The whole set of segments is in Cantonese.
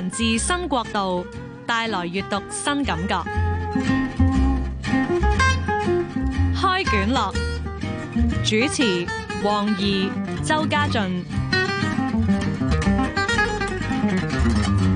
文字新國度帶來閱讀新感覺。開卷樂主持黃怡、周家俊，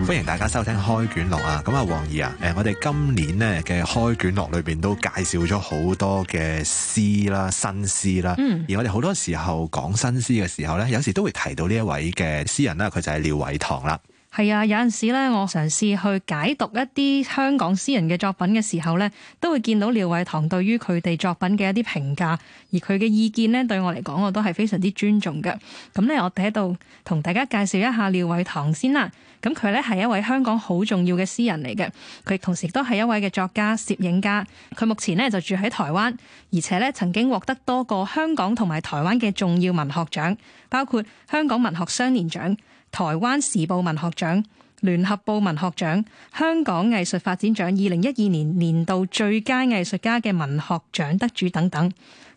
歡迎大家收聽開卷樂啊！咁啊，黃怡啊，誒，我哋今年呢嘅開卷樂裏邊都介紹咗好多嘅詩啦，新詩啦。嗯，而我哋好多時候講新詩嘅時候呢，有時都會提到呢一位嘅詩人啦，佢就係廖偉棠啦。係啊，有陣時咧，我嘗試去解讀一啲香港詩人嘅作品嘅時候咧，都會見到廖偉棠對於佢哋作品嘅一啲評價，而佢嘅意見咧，對我嚟講我都係非常之尊重嘅。咁咧，我哋喺度同大家介紹一下廖偉棠先啦。咁佢咧係一位香港好重要嘅詩人嚟嘅，佢同時都係一位嘅作家、攝影家。佢目前咧就住喺台灣，而且咧曾經獲得多個香港同埋台灣嘅重要文學獎，包括香港文學雙年獎、台灣時報文學獎、聯合報文學獎、香港藝術發展獎、二零一二年年度最佳藝術家嘅文學獎得主等等。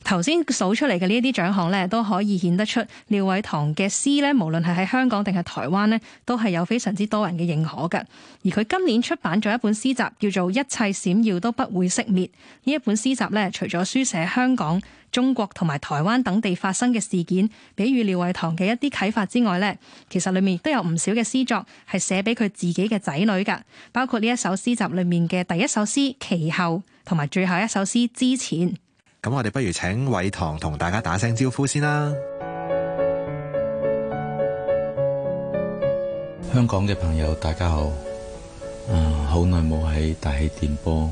頭先數出嚟嘅呢一啲獎項呢，都可以顯得出廖偉棠嘅詩呢，無論係喺香港定係台灣呢，都係有非常之多人嘅認可噶。而佢今年出版咗一本詩集，叫做《一切閃耀都不會熄滅》。呢一本詩集呢，除咗書寫香港、中國同埋台灣等地發生嘅事件，俾予廖偉棠嘅一啲啟發之外呢，其實裡面都有唔少嘅詩作係寫俾佢自己嘅仔女噶。包括呢一首詩集裡面嘅第一首詩《其後》同埋最後一首詩《之前》。咁我哋不如請偉棠同大家打聲招呼先啦。香港嘅朋友，大家好！啊，好耐冇喺大氣電波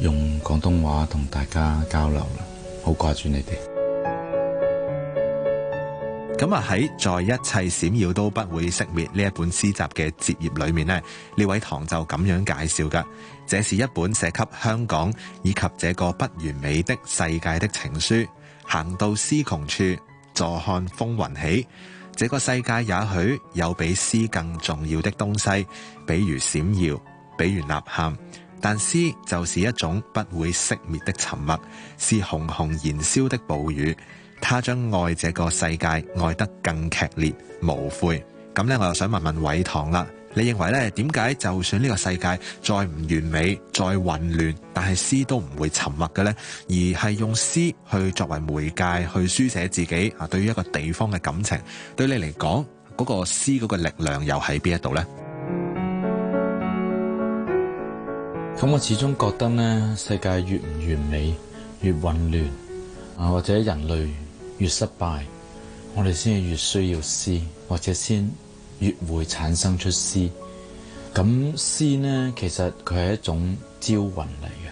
用廣東話同大家交流，好掛住你哋。咁啊喺在一切閃耀都不會熄滅呢一本詩集嘅節頁裏面呢，呢位唐就咁樣介紹噶：這是一本寫給香港以及這個不完美的世界的情書。行到詩窮處，坐看風雲起。這個世界也許有比詩更重要的東西，比如閃耀，比如吶喊。但詩就是一種不會熄滅的沉默，是熊熊燃燒的暴雨。他將愛這個世界愛得更劇烈無悔，咁咧我又想問問偉棠啦，你認為呢點解就算呢個世界再唔完美再混亂，但係詩都唔會沉默嘅呢？而係用詩去作為媒介去書寫自己啊對於一個地方嘅感情，對你嚟講嗰個詩嗰個力量又喺邊一度呢？咁我始終覺得呢，世界越唔完美越混亂啊，或者人類。越失敗，我哋先係越需要詩，或者先越會產生出詩。咁詩呢，其實佢係一種招魂嚟嘅。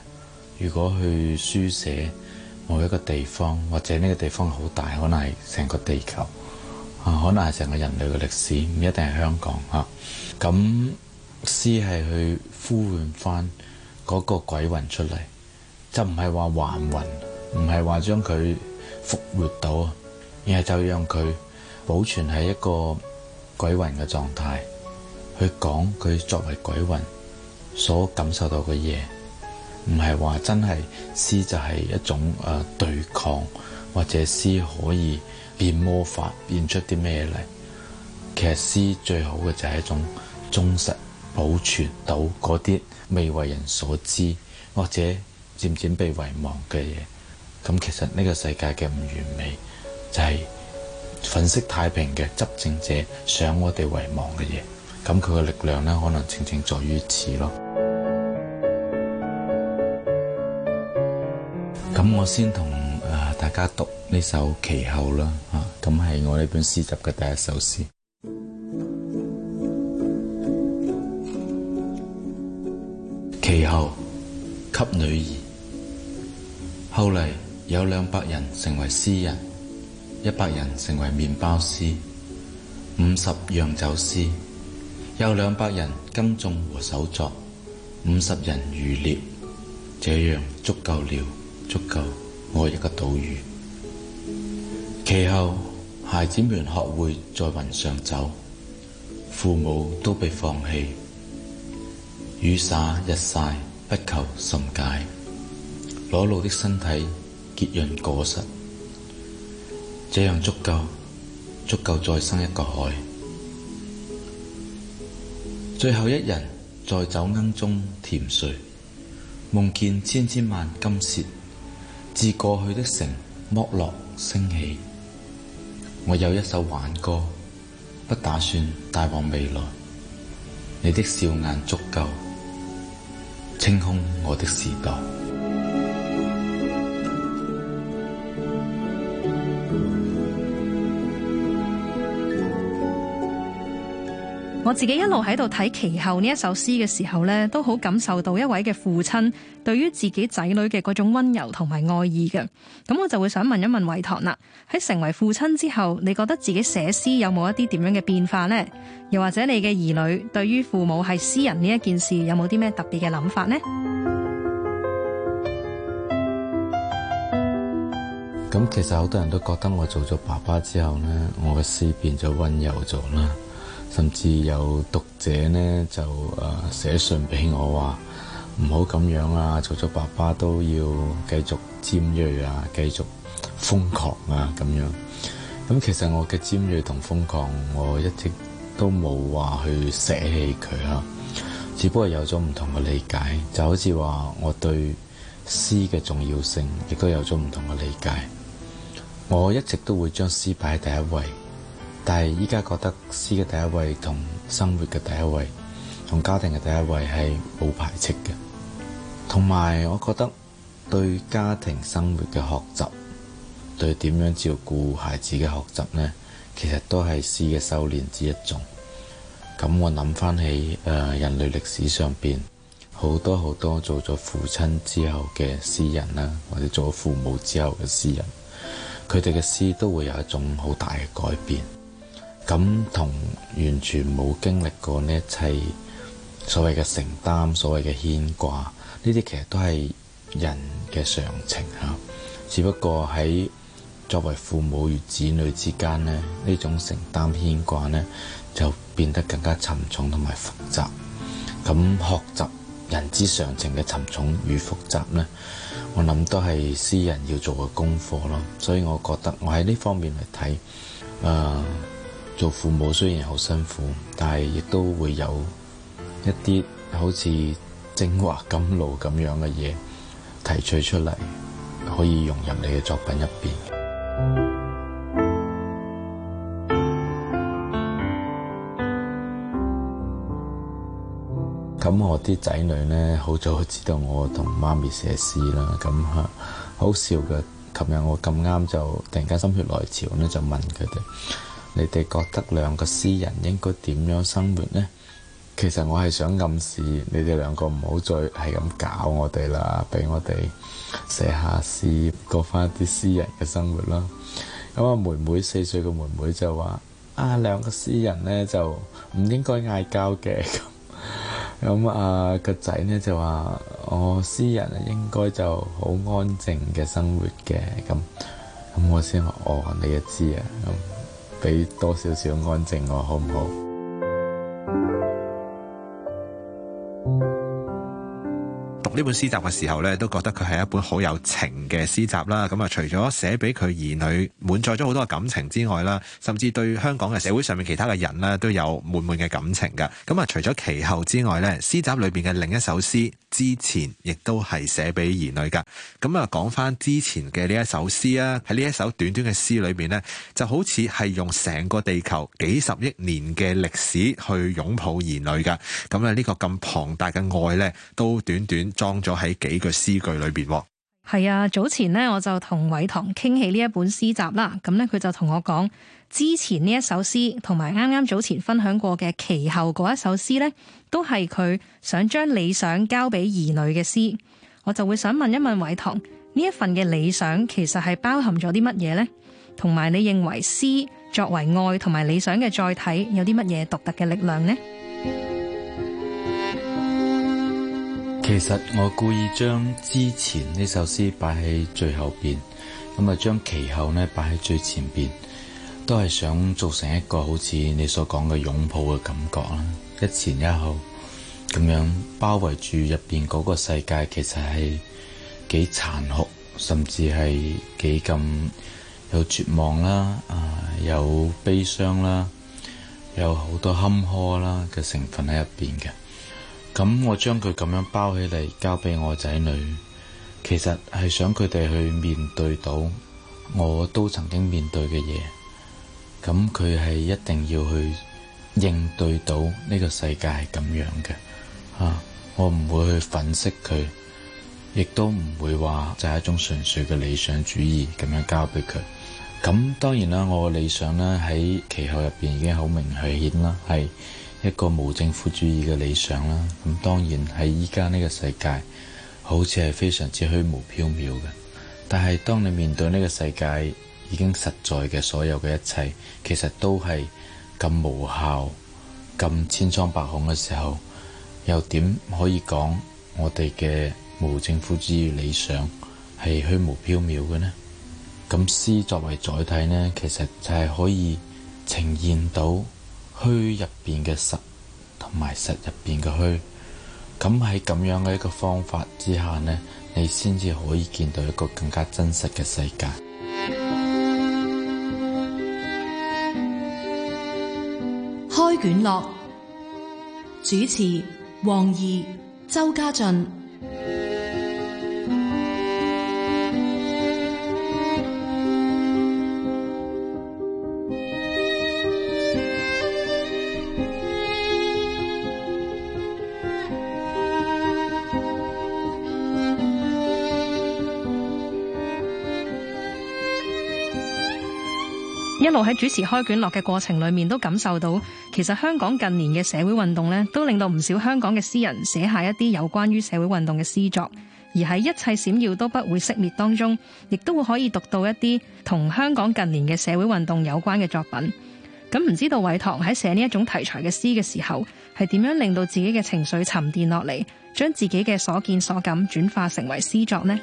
如果去書寫某一個地方，或者呢個地方好大，可能係成個地球啊，可能係成個人類嘅歷史，唔一定係香港啊。咁詩係去呼喚翻嗰個鬼魂出嚟，就唔係話還魂，唔係話將佢。復活到，啊，然後就讓佢保存喺一個鬼魂嘅狀態，去講佢作為鬼魂所感受到嘅嘢，唔係話真係詩就係一種誒對抗，或者詩可以變魔法，變出啲咩嚟。其實詩最好嘅就係一種忠實，保存到嗰啲未為人所知，或者漸漸被遺忘嘅嘢。咁其實呢個世界嘅唔完美，就係粉飾太平嘅執政者想我哋遺忘嘅嘢。咁佢嘅力量咧，可能正正在於此咯。咁 我先同大家讀呢首《其後》啦，嚇，咁係我呢本詩集嘅第一首詩。《其 後樂》給女兒，後嚟。有兩百人成為詩人，一百人成為麵包師，五十釀酒師，有兩百人耕種和手作，五十人漁獵，這樣足夠了，足夠愛一個島嶼。其後，孩子們學會在雲上走，父母都被放棄，雨灑日曬，不求甚解，裸露的身體。結潤果實，這樣足夠，足夠再生一個海。最後一人，在酒罌中甜睡，夢見千千萬金屑，自過去的城剝落升起。我有一首挽歌，不打算帶往未來。你的笑眼足夠，清空我的時代。我自己一路喺度睇其後呢一首詩嘅時候呢，都好感受到一位嘅父親對於自己仔女嘅嗰種溫柔同埋愛意嘅。咁我就會想問一問偉棠啦：喺成為父親之後，你覺得自己寫詩有冇一啲點樣嘅變化呢？又或者你嘅兒女對於父母係詩人呢一件事，有冇啲咩特別嘅諗法呢？咁其實好多人都覺得我做咗爸爸之後呢，我嘅詩變咗溫柔咗啦。甚至有讀者呢，就誒、呃、寫信俾我話唔好咁樣啊，做咗爸爸都要繼續尖銳啊，繼續瘋狂啊咁樣。咁其實我嘅尖銳同瘋狂，我一直都冇話去捨棄佢啊。只不過有咗唔同嘅理解，就好似話我對詩嘅重要性亦都有咗唔同嘅理解。我一直都會將詩擺喺第一位。但係依家覺得詩嘅第一位同生活嘅第一位同家庭嘅第一位係冇排斥嘅，同埋我覺得對家庭生活嘅學習，對點樣照顧孩子嘅學習呢，其實都係詩嘅修煉之一種。咁我諗返起誒、呃、人類歷史上邊好多好多做咗父親之後嘅詩人啦，或者做咗父母之後嘅詩人，佢哋嘅詩都會有一種好大嘅改變。咁同完全冇經歷過呢一切，所謂嘅承擔，所謂嘅牽掛，呢啲其實都係人嘅常情嚇。只不過喺作為父母與子女之間呢，呢種承擔牽掛呢，就變得更加沉重同埋複雜。咁學習人之常情嘅沉重與複雜呢，我諗都係私人要做嘅功課咯。所以，我覺得我喺呢方面嚟睇，誒、呃。做父母雖然好辛苦，但係亦都會有一啲好似精華甘露咁樣嘅嘢，提取出嚟，可以融入你嘅作品入邊。咁 我啲仔女呢，好早知道我同媽咪寫詩啦，咁吓好笑嘅。琴日我咁啱就突然間心血來潮呢，就問佢哋。你哋覺得兩個詩人應該點樣生活呢？其實我係想暗示你哋兩個唔好再係咁搞我哋啦，俾我哋寫下詩過返啲詩人嘅生活啦。咁、嗯、阿妹妹四歲嘅妹妹就話：啊，兩個詩人呢就唔應該嗌交嘅。咁、嗯、咁、嗯、啊個仔呢就話：我、哦、詩人應該就好安靜嘅生活嘅。咁、嗯、咁、嗯、我先話哦，你一知啊俾多少少安靜我，好唔好？呢本詩集嘅時候咧，都覺得佢係一本好有情嘅詩集啦。咁啊，除咗寫俾佢兒女，滿載咗好多嘅感情之外啦，甚至對香港嘅社會上面其他嘅人呢，都有滿滿嘅感情㗎。咁啊，除咗其後之外呢，詩集裏邊嘅另一首詩，之前亦都係寫俾兒女㗎。咁啊，講翻之前嘅呢一首詩啊，喺呢一首短短嘅詩裏面呢，就好似係用成個地球幾十億年嘅歷史去擁抱兒女㗎。咁啊，呢個咁龐大嘅愛呢，都短短放咗喺幾句詩句裏邊。係啊，早前呢，我就同偉棠傾起呢一本詩集啦。咁、嗯、呢，佢就同我講，之前呢一首詩同埋啱啱早前分享過嘅其後嗰一首詩呢，都係佢想將理想交俾兒女嘅詩。我就會想問一問偉棠，呢一份嘅理想其實係包含咗啲乜嘢呢？同埋你認為詩作為愛同埋理想嘅載體，有啲乜嘢獨特嘅力量呢？其實我故意將之前呢首詩擺喺最後邊，咁啊，將其後呢擺喺最前邊，都係想做成一個好似你所講嘅擁抱嘅感覺啦，一前一後咁樣包圍住入邊嗰個世界，其實係幾殘酷，甚至係幾咁有絕望啦，啊有悲傷啦，有好多坎坷啦嘅成分喺入邊嘅。咁我將佢咁樣包起嚟交俾我仔女，其實係想佢哋去面對到，我都曾經面對嘅嘢。咁佢係一定要去應對到呢個世界係咁樣嘅，吓、啊、我唔會去粉飾佢，亦都唔會話就係一種純粹嘅理想主義咁樣交俾佢。咁當然啦，我理想咧喺其後入邊已經好明顯啦，係。一個無政府主義嘅理想啦，咁當然喺依家呢個世界好似係非常之虛無縹緲嘅。但係當你面對呢個世界已經實在嘅所有嘅一切，其實都係咁無效、咁千瘡百孔嘅時候，又點可以講我哋嘅無政府主義理想係虛無縹緲嘅呢？咁詩作為載體呢，其實就係可以呈現到。虛入邊嘅實，同埋實入邊嘅虛，咁喺咁樣嘅一個方法之下呢，你先至可以見到一個更加真實嘅世界。開卷樂，主持黃怡、周家俊。一路喺主持開卷樂嘅過程裏面，都感受到其實香港近年嘅社會運動咧，都令到唔少香港嘅詩人寫下一啲有關於社會運動嘅詩作。而喺一切閃耀都不會熄滅當中，亦都會可以讀到一啲同香港近年嘅社會運動有關嘅作品。咁唔知道偉棠喺寫呢一種題材嘅詩嘅時候，係點樣令到自己嘅情緒沉澱落嚟，將自己嘅所見所感轉化成為詩作呢？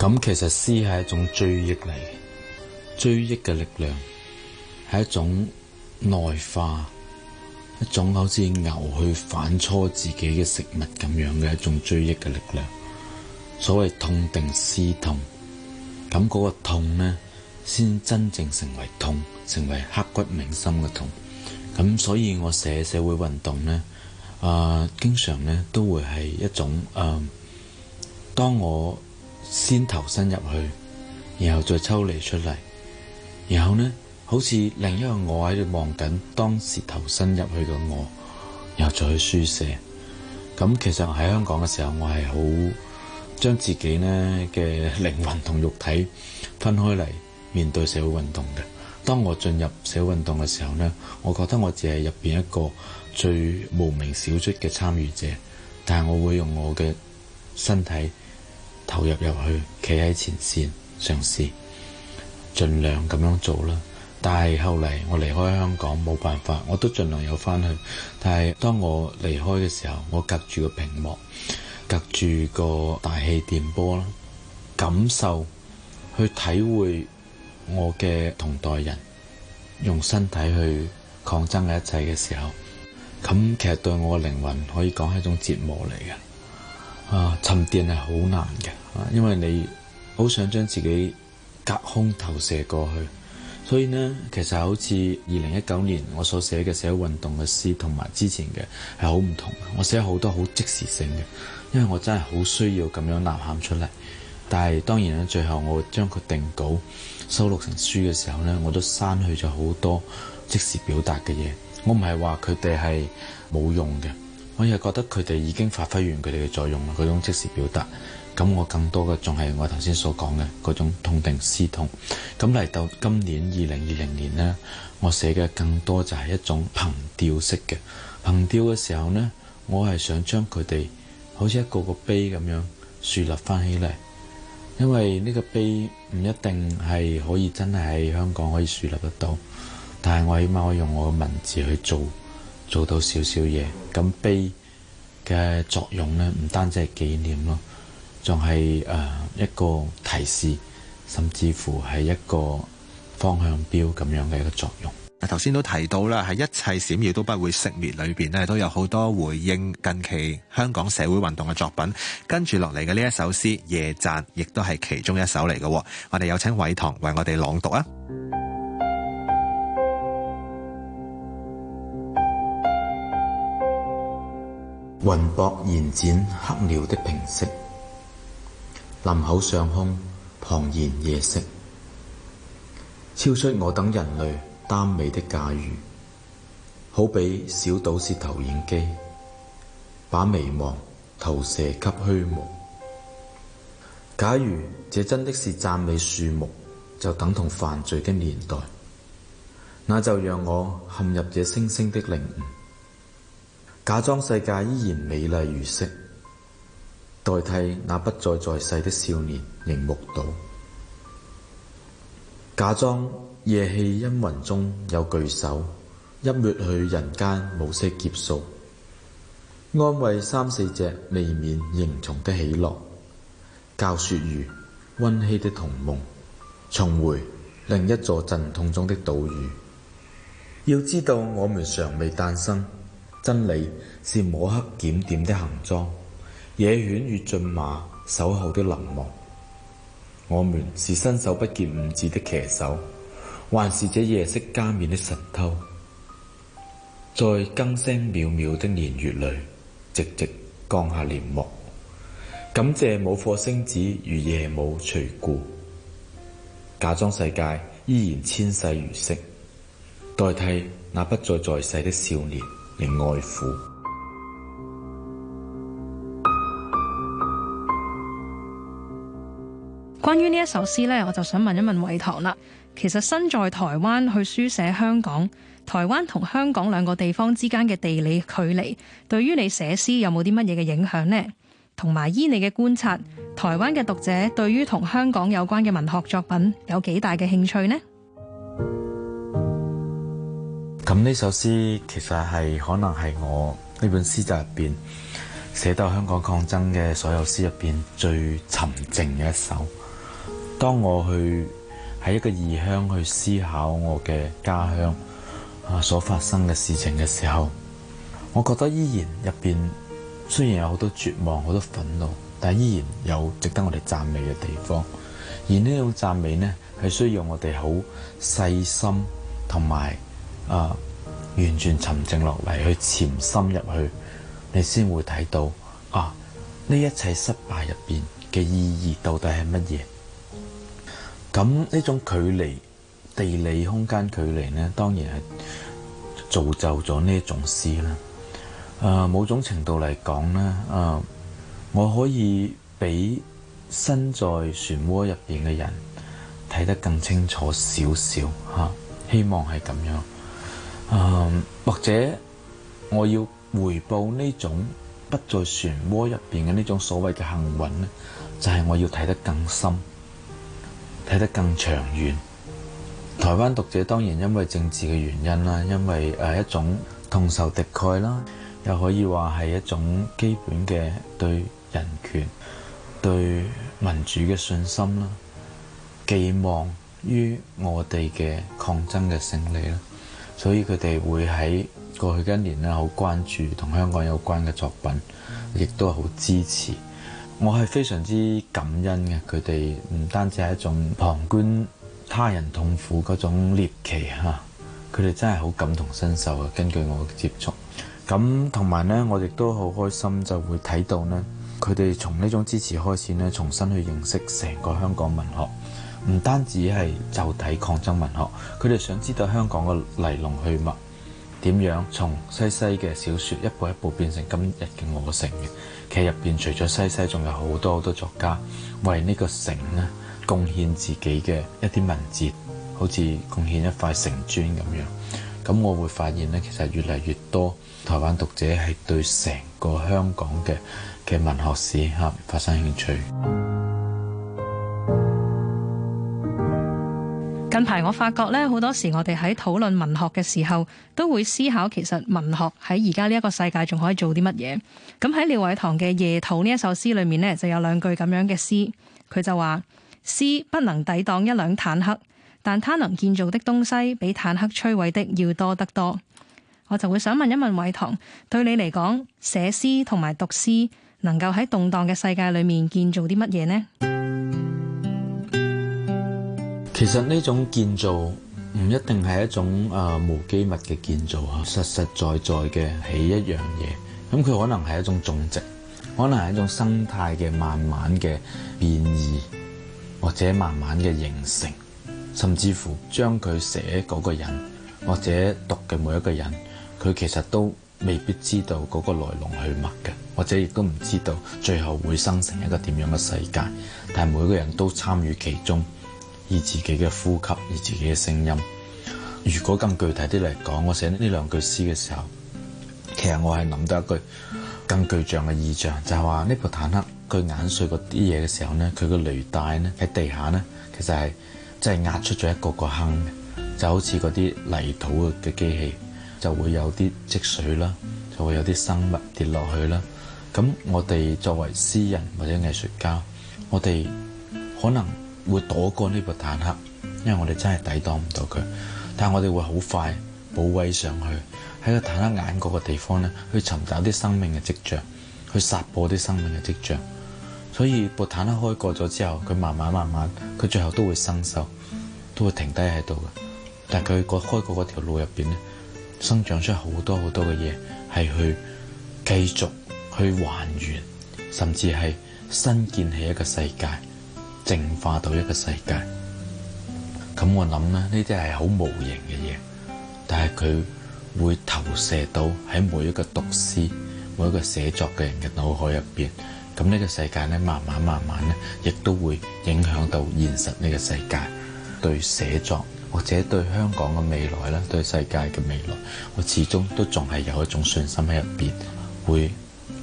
咁其實詩係一種追憶嚟，追憶嘅力量係一種內化，一種好似牛去反芻自己嘅食物咁樣嘅一種追憶嘅力量。所謂痛定思痛，咁嗰個痛呢，先真正成為痛，成為刻骨銘心嘅痛。咁所以我寫社會運動呢，啊、呃，經常呢都會係一種，誒、呃，當我。先投身入去，然後再抽離出嚟，然後呢，好似另一個我喺度望緊當時投身入去嘅我，然後再去書寫。咁其實喺香港嘅時候，我係好將自己呢嘅靈魂同肉體分開嚟面對社會運動嘅。當我進入社會運動嘅時候呢，我覺得我只係入面一個最無名小卒嘅參與者，但係我會用我嘅身體。投入入去，企喺前線，嘗試，盡量咁樣做啦。但係後嚟我離開香港，冇辦法，我都盡量有返去。但係當我離開嘅時候，我隔住個屏幕，隔住個大氣電波啦，感受，去體會我嘅同代人用身體去抗爭嘅一切嘅時候，咁其實對我嘅靈魂可以講係一種折磨嚟嘅。啊，沉澱係好難嘅，啊，因為你好想將自己隔空投射過去，所以呢，其實好似二零一九年我所寫嘅社會運動嘅詩，同埋之前嘅係好唔同。我寫好多好即時性嘅，因為我真係好需要咁樣吶喊出嚟。但係當然咧，最後我將佢定稿收錄成書嘅時候呢，我都刪去咗好多即時表達嘅嘢。我唔係話佢哋係冇用嘅。我又覺得佢哋已經發揮完佢哋嘅作用啦，嗰種即時表達。咁我更多嘅仲係我頭先所講嘅嗰種痛定思痛。咁嚟到今年二零二零年呢，我寫嘅更多就係一種憑吊式嘅憑吊嘅時候呢，我係想將佢哋好似一個個碑咁樣樹立翻起嚟。因為呢個碑唔一定係可以真係喺香港可以樹立得到，但係我起碼可以用我嘅文字去做。做到少少嘢，咁碑嘅作用呢，唔單止係紀念咯，仲係誒一個提示，甚至乎係一個方向標咁樣嘅一個作用。嗱，頭先都提到啦，喺一切閃耀都不會熄滅裏邊呢，都有好多回應近期香港社會運動嘅作品。跟住落嚟嘅呢一首詩《夜讚》亦都係其中一首嚟嘅。我哋有請偉棠為我哋朗讀啊！雲薄延展，黑鳥的平息，林口上空，旁然夜色，超出我等人類單美的駕馭，好比小島是投影機，把迷茫投射給虛無。假如這真的是讚美樹木，就等同犯罪的年代，那就讓我陷入這星星的靈悟。假裝世界依然美麗如昔，代替那不再在世的少年，凝目睹。假裝夜氣陰雲中有巨手，一抹去人間無色劫數，安慰三四隻未免形重的喜樂，教說如溫馨的童夢，重回另一座陣痛中的島嶼。要知道，我們尚未誕生。真理是摸黑檢點的行裝，野犬與駿馬守候的林木。我們是伸手不見五指的騎手，還是這夜色加冕的神偷，在更聲渺渺的年月裏，直直降下簾幕。感謝舞火星子與夜舞隨故，假裝世界依然千世如昔，代替那不再在世的少年。你愛關於呢一首詩咧，我就想問一問偉棠啦。其實身在台灣去書寫香港，台灣同香港兩個地方之間嘅地理距離，對於你寫詩有冇啲乜嘢嘅影響呢？同埋，依你嘅觀察，台灣嘅讀者對於同香港有關嘅文學作品有幾大嘅興趣呢？咁呢首詩其實係可能係我呢本詩集入邊寫到香港抗爭嘅所有詩入邊最沉靜嘅一首。當我去喺一個異鄉去思考我嘅家鄉啊，所發生嘅事情嘅時候，我覺得依然入邊雖然有好多絕望、好多憤怒，但依然有值得我哋讚美嘅地方。而呢種讚美呢，係需要我哋好細心同埋。啊！完全沉靜落嚟，去潛心入去，你先會睇到啊。呢一切失敗入邊嘅意義到底係乜嘢？咁呢種距離地理空間距離呢，當然係造就咗呢一種詩啦。啊，某種程度嚟講呢，啊，我可以比身在漩渦入邊嘅人睇得更清楚少少吓，希望係咁樣。Um, 或者我要回報呢種不在漩渦入邊嘅呢種所謂嘅幸運呢，就係我要睇得更深，睇得更長遠。台灣讀者當然因為政治嘅原因啦，因為誒一種同仇敵愾啦，又可以話係一種基本嘅對人權、對民主嘅信心啦，寄望於我哋嘅抗爭嘅勝利啦。所以佢哋會喺過去一年咧，好關注同香港有關嘅作品，亦都好支持。我係非常之感恩嘅，佢哋唔單止係一種旁觀他人痛苦嗰種獵奇嚇，佢哋真係好感同身受嘅。根據我嘅接觸，咁同埋呢，我亦都好開心就會睇到呢，佢哋從呢種支持開始呢，重新去認識成個香港文學。唔單止係就睇抗爭文學，佢哋想知道香港嘅來龍去脈點樣，從西西嘅小説一步一步變成今日嘅我城嘅。其實入邊除咗西西，仲有好多好多作家為呢個城呢貢獻自己嘅一啲文字，好似貢獻一塊城磚咁樣。咁我會發現呢，其實越嚟越多台灣讀者係對成個香港嘅嘅文學史吓發生興趣。 近排我發覺咧，好多時我哋喺討論文學嘅時候，都會思考其實文學喺而家呢一個世界仲可以做啲乜嘢。咁喺廖偉棠嘅《夜途》呢一首詩裏面呢，就有兩句咁樣嘅詩，佢就話：詩不能抵擋一輛坦克，但它能建造的東西比坦克摧毀的要多得多。我就會想問一問偉棠，對你嚟講，寫詩同埋讀詩能夠喺動盪嘅世界裏面建造啲乜嘢呢？其實呢種建造唔一定係一種誒、呃、無機物嘅建造吓，實實在在嘅起一樣嘢。咁佢可能係一種種植，可能係一種生態嘅慢慢嘅變異，或者慢慢嘅形成，甚至乎將佢寫嗰個人，或者讀嘅每一個人，佢其實都未必知道嗰個來龍去脈嘅，或者亦都唔知道最後會生成一個點樣嘅世界。但係每一個人都參與其中。以自己嘅呼吸，以自己嘅聲音。如果更具體啲嚟講，我寫呢兩句詩嘅時候，其實我係諗到一句更具象嘅意象，就係話呢個坦克佢碾碎嗰啲嘢嘅時候咧，佢個履帶咧喺地下咧，其實係即係壓出咗一個個坑嘅，就好似嗰啲泥土嘅機器就會有啲積水啦，就會有啲生物跌落去啦。咁我哋作為詩人或者藝術家，我哋可能。會躲過呢個坦克，因為我哋真係抵擋唔到佢。但係我哋會好快保威上去，喺個坦克眼角嘅地方咧，去尋找啲生命嘅跡象，去殺破啲生命嘅跡象。所以部坦克開過咗之後，佢慢慢慢慢，佢最後都會生鏽，都會停低喺度嘅。但係佢個開過嗰條路入邊咧，生長出好多好多嘅嘢，係去繼續去還原，甚至係新建起一個世界。淨化到一個世界，咁我諗咧，呢啲係好無形嘅嘢，但係佢會投射到喺每一個讀詩、每一個寫作嘅人嘅腦海入邊。咁呢個世界呢，慢慢慢慢呢，亦都會影響到現實呢個世界。對寫作或者對香港嘅未來咧，對世界嘅未來，我始終都仲係有一種信心喺入邊，會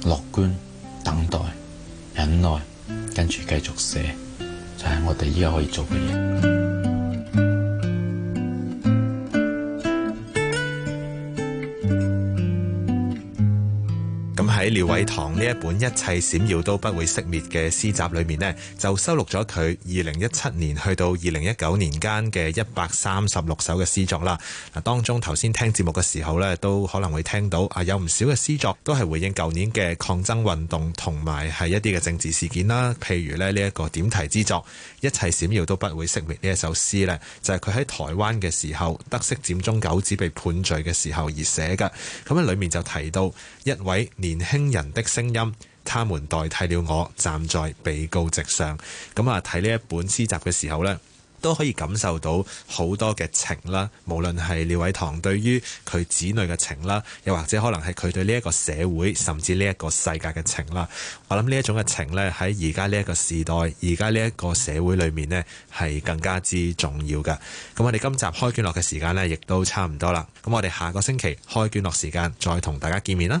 樂觀、等待、忍耐，跟住繼續寫。就係我哋依家可以做嘅嘢。喺廖偉棠呢一本《一切閃耀都不會熄滅》嘅詩集裏面咧，就收錄咗佢二零一七年去到二零一九年間嘅一百三十六首嘅詩作啦。嗱，當中頭先聽節目嘅時候咧，都可能會聽到啊，有唔少嘅詩作都係回應舊年嘅抗爭運動同埋係一啲嘅政治事件啦。譬如咧呢一個點題之作《一切閃耀都不會熄滅》呢一首詩咧，就係佢喺台灣嘅時候得悉佔中九子被判罪嘅時候而寫嘅。咁喺裏面就提到一位年輕。驚人的聲音，他們代替了我站在被告席上。咁啊，睇呢一本詩集嘅時候呢，都可以感受到好多嘅情啦。無論係廖偉棠對於佢子女嘅情啦，又或者可能係佢對呢一個社會，甚至呢一個世界嘅情啦。我諗呢一種嘅情呢，喺而家呢一個時代，而家呢一個社會裏面呢，係更加之重要嘅。咁我哋今集開卷樂嘅時間呢，亦都差唔多啦。咁我哋下個星期開卷樂時間，再同大家見面啦。